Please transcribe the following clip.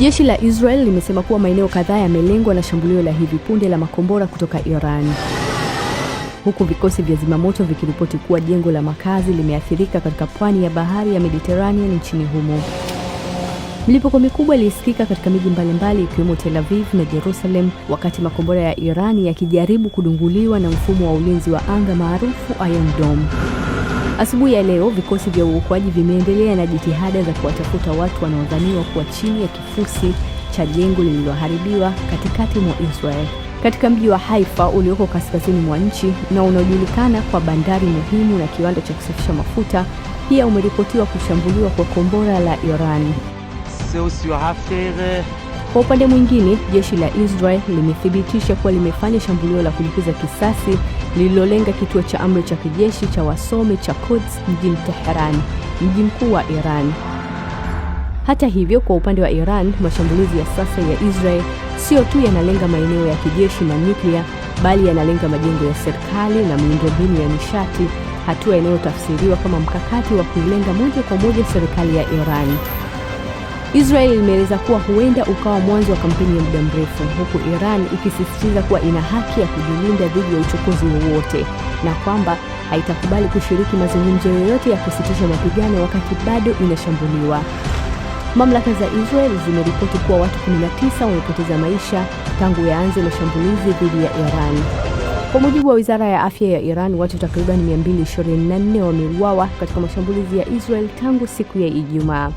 Jeshi la Israel limesema kuwa maeneo kadhaa yamelengwa na shambulio la hivi punde la makombora kutoka Iran, huku vikosi vya zimamoto vikiripoti kuwa jengo la makazi limeathirika katika pwani ya bahari ya Mediterranean nchini humo. Milipuko mikubwa ilisikika katika miji mbalimbali ikiwemo Tel Aviv na Jerusalem wakati makombora ya Irani yakijaribu kudunguliwa na mfumo wa ulinzi wa anga maarufu Iron Dome. Asubuhi ya leo vikosi vya uokoaji vimeendelea na jitihada za kuwatafuta watu wanaodhaniwa kuwa chini ya kifusi cha jengo lililoharibiwa katikati mwa Israel katika mji wa Haifa ulioko kaskazini mwa nchi na unaojulikana kwa bandari muhimu na kiwanda cha kusafisha mafuta, pia umeripotiwa kushambuliwa kwa kombora la Iran. Kwa upande mwingine, jeshi la Israel limethibitisha kuwa limefanya shambulio la kulipiza kisasi lililolenga kituo cha amri cha kijeshi cha wasomi cha Quds mjini Tehran, mji mkuu wa Iran. Hata hivyo, kwa upande wa Iran, mashambulizi ya sasa ya Israel sio tu yanalenga maeneo ya kijeshi na nyuklia, bali yanalenga majengo ya serikali na miundombinu ya nishati, hatua inayotafsiriwa kama mkakati wa kuilenga moja kwa moja serikali ya Iran. Israel imeeleza kuwa huenda ukawa mwanzo wa kampeni ya muda mrefu, huku Iran ikisisitiza kuwa ina haki ya kujilinda dhidi ya uchokozi wowote na kwamba haitakubali kushiriki mazungumzo yoyote ya kusitisha mapigano wakati bado inashambuliwa. Mamlaka za Israel zimeripoti kuwa watu 19 wamepoteza maisha tangu yaanze mashambulizi dhidi ya Iran. Kwa mujibu wa Wizara ya Afya ya Iran, watu takriban 224 wameuawa katika mashambulizi ya Israel tangu siku ya Ijumaa.